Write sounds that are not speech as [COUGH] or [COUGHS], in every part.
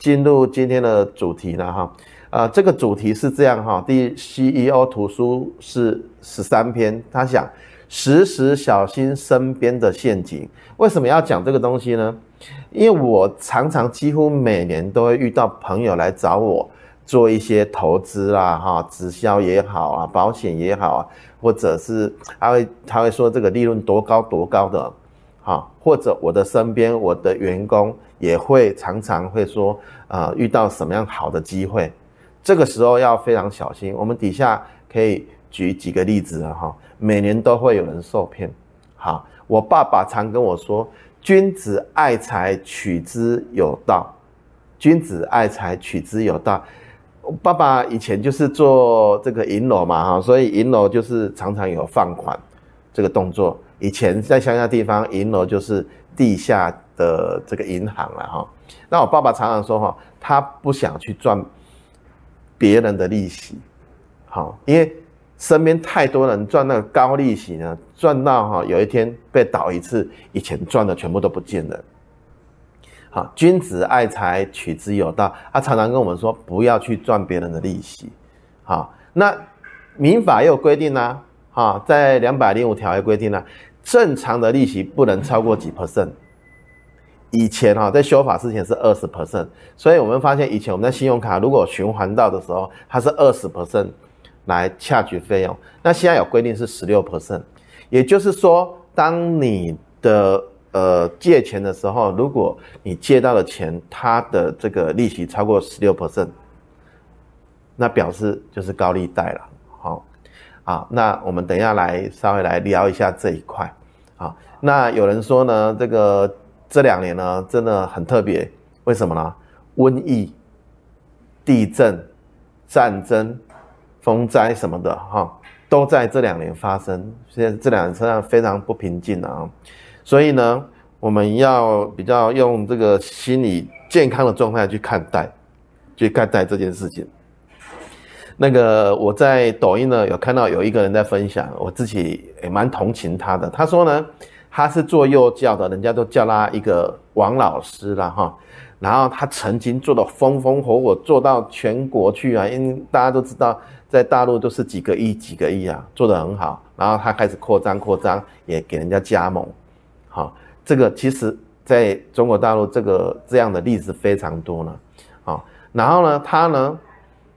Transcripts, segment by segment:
進入今天的主題了哈，啊，這個主題是這樣哈，第 CEO 圖書室十三篇，他想時時小心身邊的陷阱。為什麼要講這個東西呢？因為我常常幾乎每年都會遇到朋友來找我做一些投資啦哈，直銷也好啊，保險也好啊，或者是他會他會說這個利潤多高多高的。啊，或者我的身邊，我的員工也會常常會說，啊，遇到什麼樣好的機會，這個時候要非常小心。我們底下可以舉幾個例子哈，每年都會有人受騙。好，我爸爸常跟我說，君子愛財，取之有道；君子愛財，取之有道。爸爸以前就是做這個銀樓嘛哈，所以銀樓就是常常有放款這個動作。以前在鄉下地方，銀樓就是地下的這個銀行了、啊、哈。那我爸爸常常說哈，他不想去賺別人的利息，好，因為身邊太多人賺那個高利息呢，賺到哈有一天被倒一次，以前賺的全部都不見了。好，君子愛財，取之有道。他常常跟我們說，不要去賺別人的利息。好，那民法也有規定呢，哈，在兩百零五條也規定了、啊。正常的利息不能超過幾 percent。以前啊、哦，在修法之前是二十 percent，所以我們發現以前我們的信用卡如果循環到的時候，它是二十 percent 來收取費用。那現在有規定是十六 percent，也就是說，當你的呃借錢的時候，如果你借到的錢，它的這個利息超過十六 percent，那表示就是高利貸了。啊，那我們等一下來稍微來聊一下這一塊。啊，那有人說呢，這個這兩年呢真的很特別，為什麼呢？瘟疫、地震、戰爭、風災什麼的，哈，都在這兩年發生。現在這兩年實際上非常不平靜啊，所以呢，我們要比較用這個心理健康的狀態去看待，去看待這件事情。那個我在抖音呢有看到有一個人在分享，我自己也蠻同情他的。他說呢，他是做幼教的，人家都叫他一個王老師了哈。然後他曾經做得風風火火，做到全國去啊，因為大家都知道，在大陸都是幾個億幾個億啊，做得很好。然後他開始擴張擴張，也給人家加盟。好，這個其實在中國大陸這個這樣的例子非常多呢。好，然後呢，他呢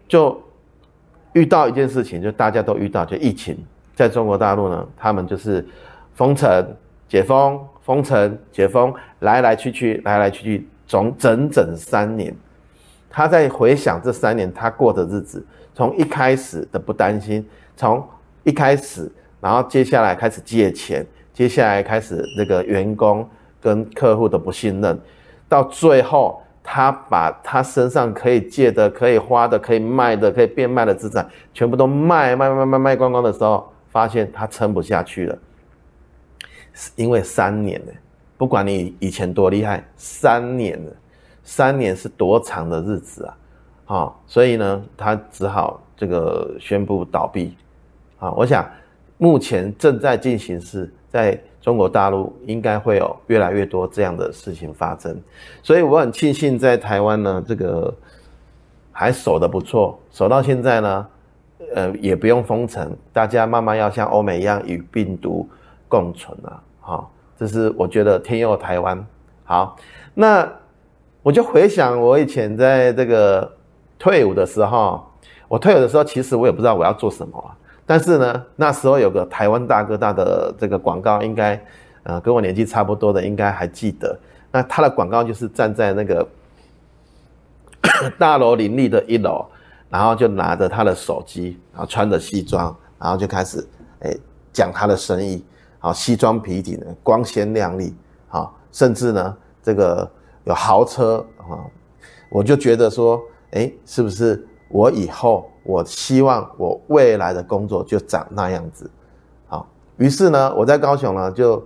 就。遇到一件事情，就大家都遇到，就疫情，在中國大陸呢，他們就是封城、解封、封城、解封，來來去去，來來去去，總整整三年。他在回想這三年他過的日子，從一開始的不擔心，從一開始，然後接下來開始借錢，接下來開始那個員工跟客戶的不信任，到最後。他把他身上可以借的、可以花的、可以賣的、可以變賣的資產，全部都賣賣賣賣賣光光的時候，發現他撐不下去了，是因為三年呢，不管你以前多厲害，三年呢，三年是多長的日子啊，好、哦，所以呢，他只好這個宣布倒閉，啊、哦，我想目前正在進行是在。中國大陸應該會有越來越多這樣的事情發生，所以我很慶幸在台灣呢，這個還守得不錯，守到現在呢，呃，也不用封城，大家慢慢要像歐美一樣與病毒共存啊。好，這是我覺得天佑台灣。好，那我就回想我以前在這個退伍的時候，我退伍的時候，其實我也不知道我要做什麼。但是呢，那時候有個台灣大哥大的這個廣告，應該，呃，跟我年紀差不多的應該還記得。那他的廣告就是站在那個大樓林立的一樓，然後就拿着他的手機，然後穿着西裝，然後就開始，哎，講他的生意，啊，西裝筆挺，光鮮亮麗，啊，甚至呢，這個有豪車啊，我就覺得說，哎，是不是我以後？我希望我未來的工作就長那樣子，好。於是呢，我在高雄呢就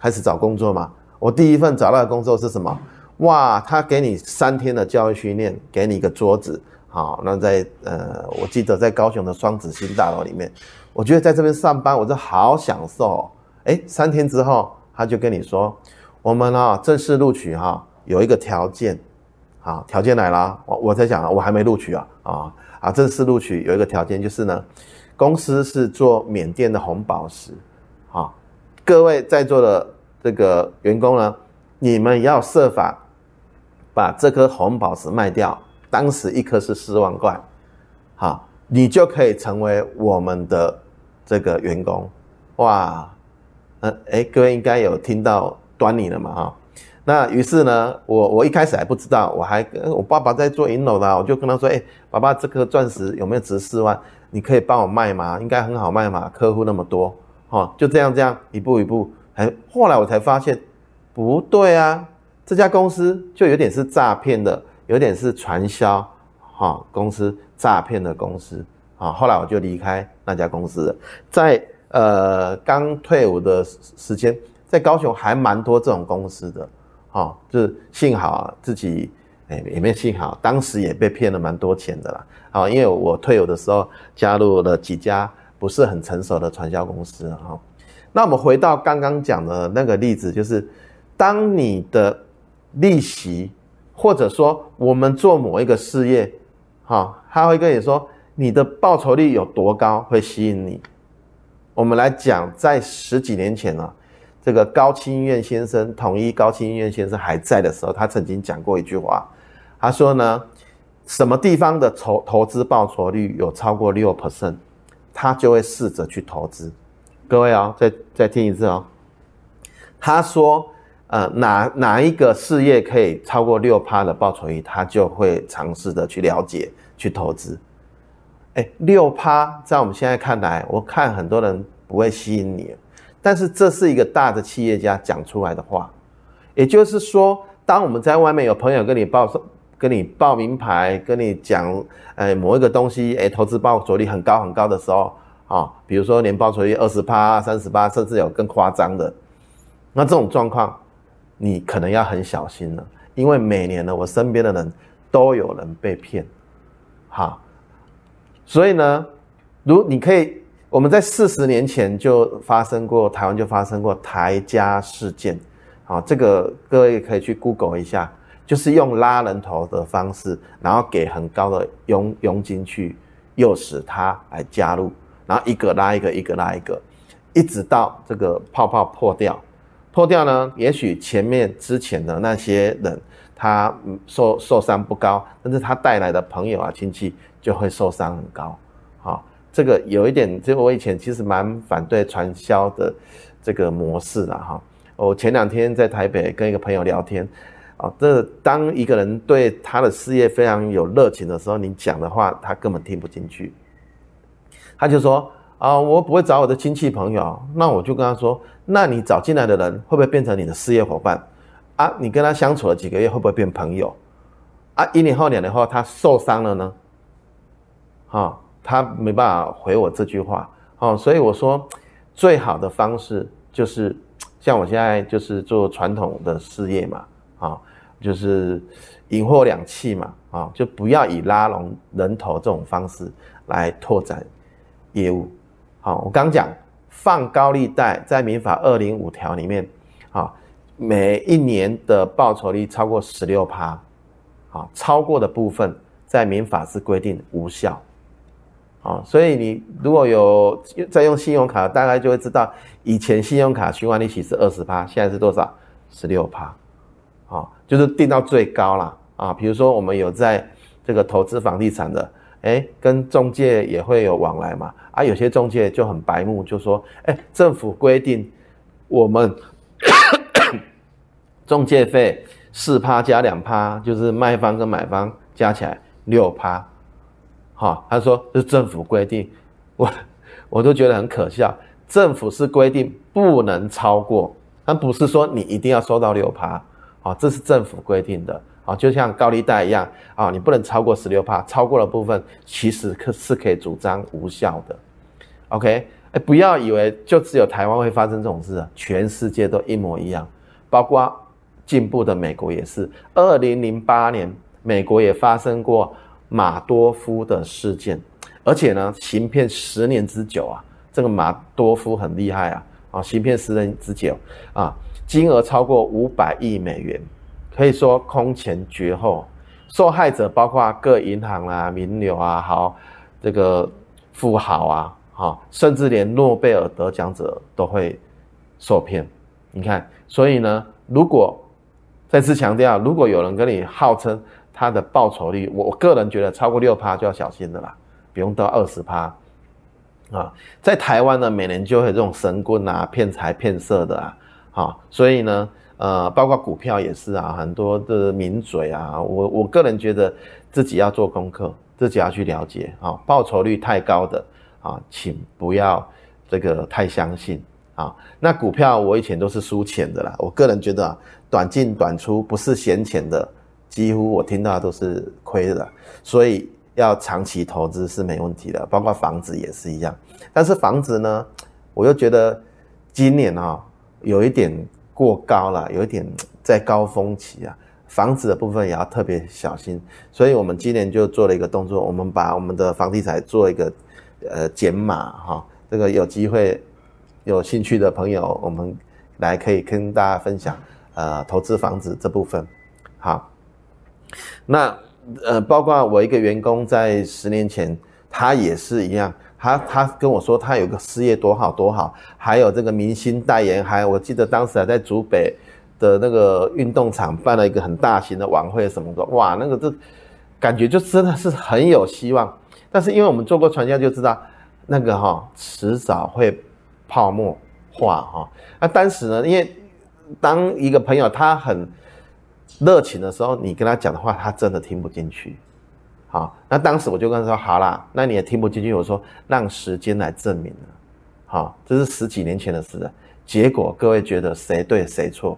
開始找工作嘛。我第一份找到的工作是什麼？哇，他給你三天的教育訓練，給你一個桌子，好。那在呃，我記得在高雄的雙子星大樓裡面，我覺得在這邊上班，我就好享受、哦。哎，三天之後他就跟你說，我們啊正式錄取哈、啊，有一個條件，好，條件來了。我我在想，我還沒錄取啊，啊。啊，正式錄取有一個條件，就是呢，公司是做緬甸的紅寶石，啊、哦，各位在座的這個員工呢，你們要設法把這顆紅寶石賣掉，當時一顆是四萬塊，好、哦，你就可以成為我們的這個員工，哇，呃，哎，各位應該有聽到端倪了嘛，哈、哦。那於是呢，我我一開始還不知道，我還我爸爸在做銀樓的，我就跟他說：“哎、欸，爸爸，這顆鑽石有沒有值四萬？你可以幫我賣嗎？應該很好賣嘛，客戶那麼多，哈，就這樣這樣一步一步，還後來我才發現不對啊，這家公司就有點是詐騙的，有點是傳銷，哈，公司詐騙的公司啊。後來我就離開那家公司了，在呃剛退伍的時時間，在高雄還蠻多這種公司的。哦，就是幸好自己誒、欸、也沒幸好，當時也被騙了蠻多錢的啦。哦，因為我退伍的時候加入了幾家不是很成熟的傳銷公司啊、哦。那我們回到剛剛講的那個例子，就是當你的利息，或者說我們做某一個事業，哈、哦，他會跟你說你的報酬率有多高，會吸引你。我們來講，在十幾年前呢、啊。這個高清願先生，統一高清願先生還在的時候，他曾經講過一句話，他說呢，什麼地方的投投資報酬率有超過六%？他就會試着去投資。各位哦，再再聽一次哦。他說，呃，哪哪一個事業可以超過六%的報酬率，他就會嘗試的去了解去投資。哎，六%在我們現在看來，我看很多人不會吸引你。但是這是一個大的企業家講出來的話，也就是說，當我們在外面有朋友跟你報、跟你報名牌、跟你講，哎，某一個東西，哎，投資報酬率很高很高的時候，啊、哦，比如說年報酬率二十趴、三十八，甚至有更誇張的，那這種狀況，你可能要很小心了，因為每年呢，我身邊的人都有人被騙，哈，所以呢，如你可以。我們在四十年前就發生過，台灣就發生過台加事件，啊，這個各位也可以去 Google 一下，就是用拉人頭的方式，然後給很高的佣佣金，去誘使他來加入，然後一個拉一個，一個拉一個，一直到這個泡泡破掉。破掉呢，也許前面之前的那些人他受受傷不高，但是他帶來的朋友啊親戚就會受傷很高。這個有一點，這個我以前其實蠻反對傳銷的這個模式的哈。我前兩天在台北跟一個朋友聊天，啊，這當一個人對他的事業非常有熱情的時候，你講的話他根本聽不進去。他就說啊、哦，我不會找我的親戚朋友，那我就跟他說，那你找進來的人會不會變成你的事業夥伴啊？你跟他相處了幾個月，會不會變朋友？啊，一年後、兩年後，他受傷了呢？哈、哦。他沒辦法回我這句話哦，所以我說，最好的方式就是像我現在就是做傳統的事業嘛，啊、哦，就是銀貨兩訖嘛，啊、哦，就不要以拉攏人頭這種方式來拓展業務。好、哦，我剛講放高利貸在民法二零五條裡面，啊、哦，每一年的報酬率超過十六趴，啊、哦，超過的部分在民法是規定無效。啊、哦，所以你如果有在用信用卡，大概就會知道以前信用卡循環利息是二十趴，現在是多少？十六趴。啊、哦，就是定到最高啦。啊。比如說我們有在這個投資房地產的，哎，跟中介也會有往來嘛。啊，有些中介就很白目，就說，哎，政府規定我們 [COUGHS] 中介費四趴加兩趴，就是賣方跟買方加起來六趴。哈，他說這是政府規定，我，我都覺得很可笑。政府是規定不能超過，但不是說你一定要收到六趴啊，這是政府規定的啊，就像高利貸一樣啊，你不能超過十六趴，超過了部分其實可是可以主張無效的。OK，哎、欸，不要以為就只有台灣會發生這種事啊，全世界都一模一樣，包括進步的美國也是。二零零八年美國也發生過。馬多夫的事件，而且呢，行騙十年之久啊，這個馬多夫很厲害啊，啊，行騙十年之久啊，金額超過五百億美元，可以說空前絕後。受害者包括各銀行啦、啊、名流啊、好這個富豪啊、哈、啊，甚至連諾貝爾得獎者都會受騙。你看，所以呢，如果再次強調，如果有人跟你號稱，它的報酬率，我個人覺得超過六趴就要小心的啦，不用到二十趴，啊，在台灣呢，每年就會有這種神棍啊、騙財騙色的啊，啊，所以呢，呃，包括股票也是啊，很多的名嘴啊，我我個人覺得自己要做功課，自己要去了解啊，報酬率太高的啊，請不要這個太相信啊。那股票我以前都是輸錢的啦，我個人覺得、啊、短進短出不是閒錢的。幾乎我聽到都是虧的，所以要長期投資是沒問題的，包括房子也是一樣。但是房子呢，我又覺得今年啊、喔、有一點過高了，有一點在高峰期啊，房子的部分也要特別小心。所以我們今年就做了一個動作，我們把我們的房地產做一個呃減碼哈。這個有機會有興趣的朋友，我們來可以跟大家分享呃投資房子這部分，好。那呃，包括我一個員工在十年前，他也是一樣，他他跟我說他有個事業多好多好，還有這個明星代言，還有我記得當時還在竹北的那個運動場辦了一個很大型的晚會什麼的，哇，那個這感覺就真的是很有希望。但是因為我們做過傳銷就知道，那個哈遲早會泡沫化哈。那當時呢，因為當一個朋友他很。熱情的時候，你跟他講的話，他真的聽不進去。好，那當時我就跟他說：“好啦，那你也聽不進去。”我說：“讓時間來證明了。”好，這是十幾年前的事了。結果各位覺得誰對誰錯？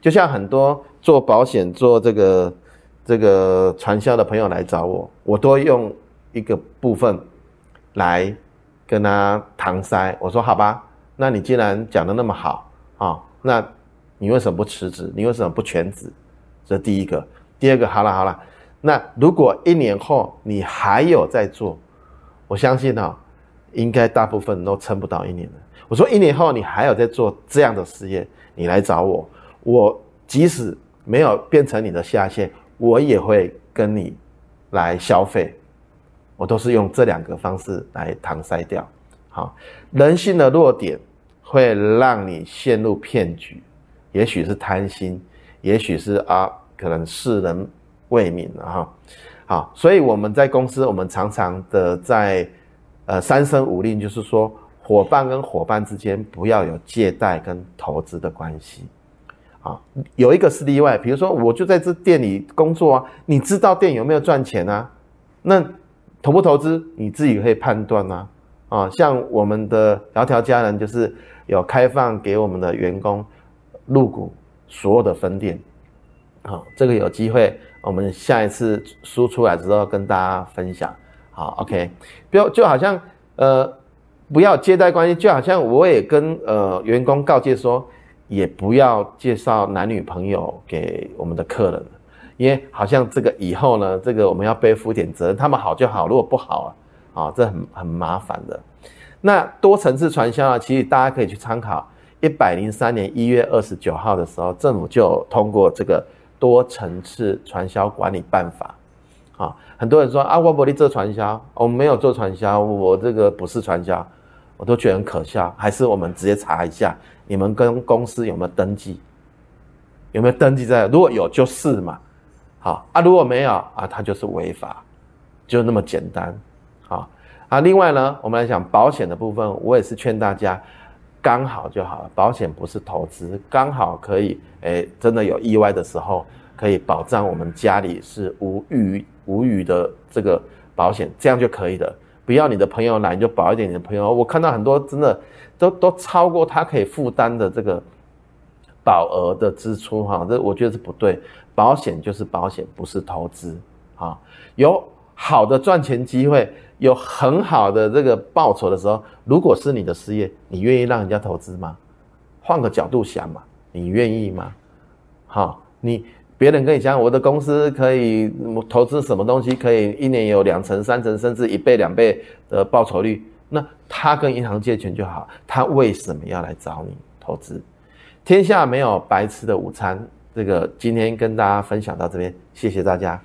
就像很多做保險、做這個這個傳銷的朋友來找我，我都用一個部分來跟他搪塞。我說：“好吧，那你既然講的那麼好啊，哦，那你為什麼不辭職？你為什麼不全職？”這第一個，第二個好了好了，那如果一年後你還有在做，我相信啊、哦，應該大部分都撐不到一年了。我說一年後你還有在做這樣的事業，你來找我，我即使沒有變成你的下線，我也會跟你來消費。我都是用這兩個方式來搪塞掉。好，人性的弱點會讓你陷入騙局，也許是貪心。也許是啊，可能，世人未敏了哈。好，所以我們在公司，我們常常的在呃三申五令，就是說伙伴跟伙伴之間不要有借貸跟投資的關係。啊，有一個是例外，比如說我就在這店裡工作啊，你知道店有沒有賺錢啊？那投不投資你自己可以判斷啊。啊，像我們的窈窕佳人就是有開放給我們的員工入股。所有的分店，好，這個有機會，我們下一次書出來之後跟大家分享。好，OK，不要就好像呃，不要借貸關係，就好像我也跟呃，呃員工告誡說，也不要介紹男女朋友給我們的客人，因為好像這個以後呢，這個我們要背負點責任，他們好就好，如果不好啊，啊、哦，這很很麻煩的。那多層次傳銷啊，其實大家可以去參考。一百零三年一月二十九號的時候，政府就通過這個多層次傳銷管理辦法，啊，很多人說啊，我不會做傳銷，我沒有做傳銷，我這個不是傳銷，我都覺得很可笑，還是我們直接查一下，你們跟公司有沒有登記，有沒有登記在，如果有就是嘛，好啊，如果沒有啊，它就是違法，就那麼簡單，好啊，另外呢，我們來講保險的部分，我也是勸大家。剛好就好了，保險不是投資，剛好可以，哎、欸，真的有意外的時候，可以保障我們家裡是無餘無餘的這個保險，這樣就可以的。不要你的朋友來你就保一點，你的朋友，我看到很多真的都都超過他可以負擔的這個保額的支出哈，這我覺得是不對。保險就是保險，不是投資啊，有。好的賺錢機會，有很好的這個報酬的時候，如果是你的事業，你願意讓人家投資嗎？換個角度想嘛，你願意嗎？好，你別人跟你講，我的公司可以投資什麼東西，可以一年有兩成、三成，甚至一倍、兩倍的報酬率，那他跟銀行借錢就好，他為什麼要來找你投資？天下沒有白吃的午餐，這個今天跟大家分享到這邊，謝謝大家。